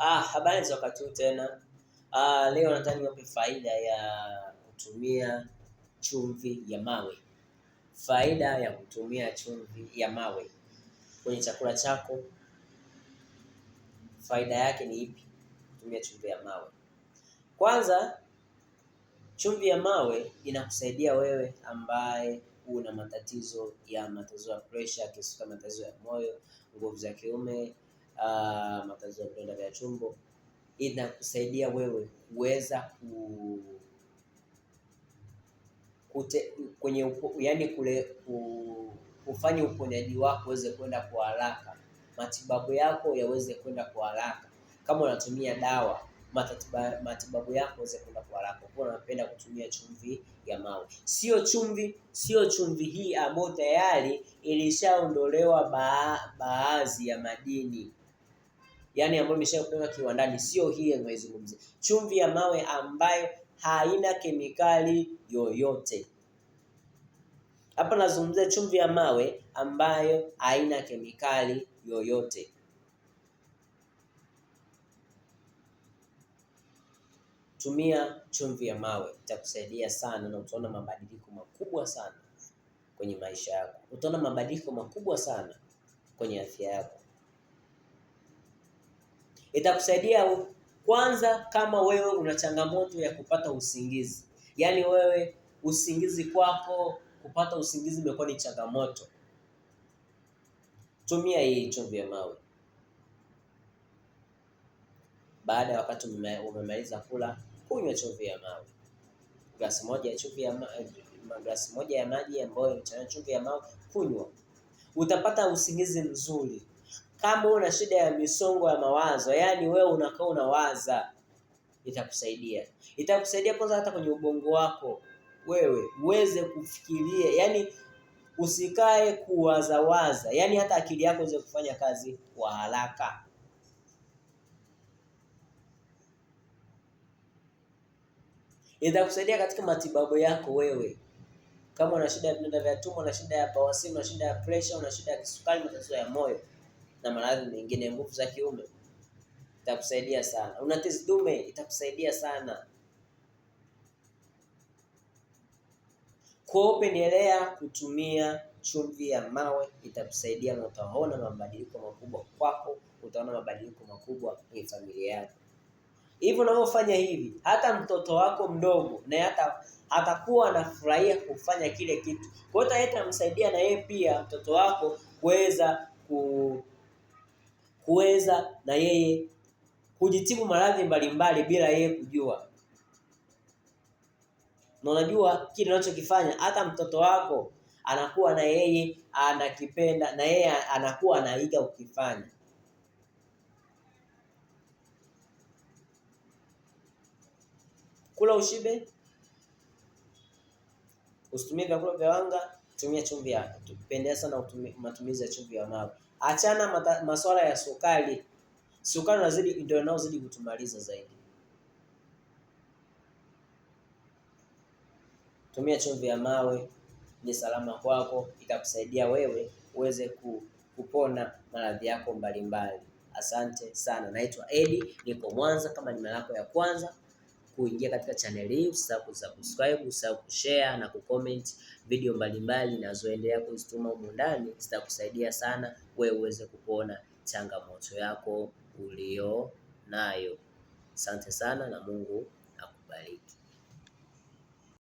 Ah, habari za wakati huu tena. Ah, leo nataka niwape faida ya kutumia chumvi ya mawe. Faida ya kutumia chumvi ya mawe kwenye chakula chako, faida yake ni ipi? Kutumia chumvi ya mawe. Kwanza, chumvi ya mawe inakusaidia wewe ambaye una matatizo ya matatizo ya presha, kisukari, matatizo ya moyo, nguvu za kiume, ah, kazi ya vidonda vya tumbo inakusaidia wewe kuweza ku kute, kwenye upo, yani kule ku, kufanya uponyaji wako uweze kwenda kwa haraka, matibabu yako yaweze kwenda kwa haraka. Kama unatumia dawa matatiba, matibabu yako yaweze kwenda kwa haraka. Kwa unapenda kutumia chumvi ya mawe, sio chumvi, sio chumvi hii ambayo tayari ilishaondolewa ba, baadhi ya madini yani ambayo imeshatoka kiwandani, sio hii inayoizungumzia. Chumvi ya mawe ambayo haina kemikali yoyote. Hapa nazungumzia chumvi ya mawe ambayo haina kemikali yoyote. Tumia chumvi ya mawe, itakusaidia sana na utaona mabadiliko makubwa sana kwenye maisha yako, utaona mabadiliko makubwa sana kwenye afya yako. Itakusaidia kwanza kama wewe una changamoto ya kupata usingizi, yaani wewe usingizi kwako, kupata usingizi imekuwa ni changamoto, tumia hii chumvi ya mawe. Baada ya wakati umemaliza kula, kunywa chumvi ya mawe, glasi moja ya chumvi ya mawe, eh, glasi moja ya maji ambayo imechanganywa chumvi ya mawe, kunywa, utapata usingizi mzuri. Kama una shida ya misongo ya mawazo, yaani wewe unakaa unawaza, itakusaidia itakusaidia kwanza, hata kwenye ubongo wako wewe uweze kufikiria, yaani usikae kuwazawaza, yaani hata akili yako iweze kufanya kazi kwa haraka. Itakusaidia katika matibabu yako wewe kama una shida ya vidonda vya tumbo, una shida ya bawasiri, una shida ya pressure, una shida ya kisukari, matatizo ya moyo na maradhi mengine. Nguvu za kiume itakusaidia sana, una tezi dume itakusaidia sana. Kwa upendelea kutumia chumvi ya mawe itakusaidia, na utaona mabadiliko makubwa kwako, utaona mabadiliko makubwa kwenye familia yako. Hivyo unavyofanya hivi, hata mtoto wako mdogo naye hata atakuwa anafurahia kufanya kile kitu, kwa hiyo itamsaidia na yeye pia mtoto wako kuweza kuweza na yeye kujitibu maradhi mbalimbali bila yeye kujua. Na unajua kile unachokifanya, hata mtoto wako anakuwa na yeye anakipenda, na yeye anakuwa anaiga ukifanya. Kula ushibe, usitumie vyakula vya wanga, tumia chumvi yako. Tupendea sana matumizi ya chumvi ya mawe achana masuala maswala ya sukari. Sukari nazidi ndio inayozidi kutumaliza zaidi. Tumia chumvi ya mawe, ni salama kwako, itakusaidia wewe uweze kupona maradhi yako mbalimbali. Asante sana, naitwa Edi, niko Mwanza. Kama ni mara yako ya kwanza kuingia katika chaneli hii, usisahau kusubscribe, usisahau kushare na kucomment video mbalimbali ninazoendelea kuzituma humu ndani, zitakusaidia sana wewe uweze kupona changamoto yako ulio nayo. Asante sana na Mungu akubariki.